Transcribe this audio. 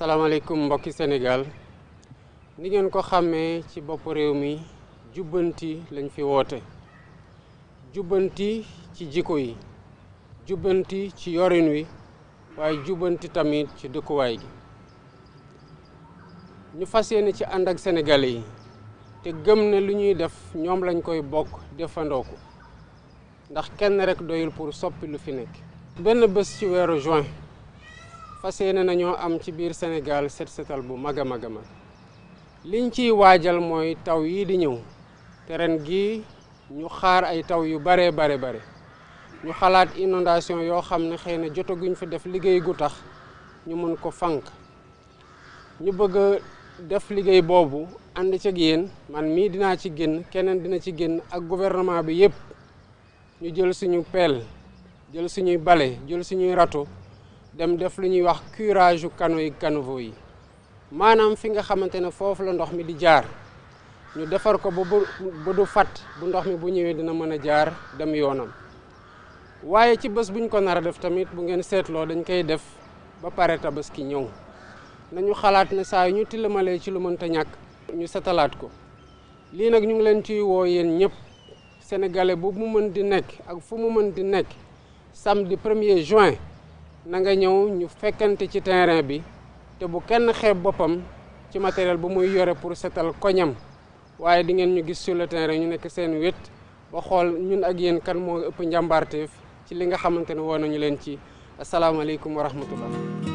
salaamaaleykum mbokki Sénégal ni ngeen ko xàmmee ci bopp réew mi jubbanti lañ fi woote jubbanti ci jikko yi jubbanti ci yorin wi waaye jubbanti tamit ci dëkkuwaay gi ñu fas yéene ci ànd ak sénégalais yi te gëm ne lu ñuy def ñoom lañ koy bokk defandoo ko ndax kenn rek doyul pour soppi lu fi nekk benn bés ci weeru juin fas yéene nañoo am ci biir Sénégal set setal bu mag a mag mag liñ ciy waajal mooy taw yii di ñëw te gi ñu xaar ay taw yu bare bare bare ñu xalaat inondation yoo xam ne xëy na jotaguñ fi def liggéey gu tax ñu mën ko fànq ñu bëgg a def liggéey boobu ànd ci ak yéen man mii dinaa ci génn keneen dina ci génn ak gouvernement bi yépp ñu jël suñu peel jël suñuy bale jël suñuy rato dem def lu ñuy wax curage yu canaux yi caniveau yi maanaam fi nga xamante ne foofu la ndox mi di jaar ñu defar ko ba bu du fat bu ndox mi bu ñëwee dina mën a jaar dem yoonam waaye ci bés buñ ko nar a def tamit bu ngeen seetloo dañ koy def ba pare ki ñëw nañu xalaat ne saa yu ñu tilimalee ci lu mënta ñàkk ñu setalaat ko lii nag ñu ngi leen ciy woo yéen ñëpp sénégalais bu mu mën di nekk ak fu mu mën di nekk samedi premier juin na nga ñëw ñu fekkante ci terrain bi te bu kenn xeeb boppam ci matériel bu muy yore pour setal koñam waaye di ngeen ñu gis sur le ñu nekk seen wét ba xool ñun ak yéen kan moo ëpp njàmbaarteef ci li nga xamante ni woo nañu leen ci asalaamaaleykum wa rahmatullah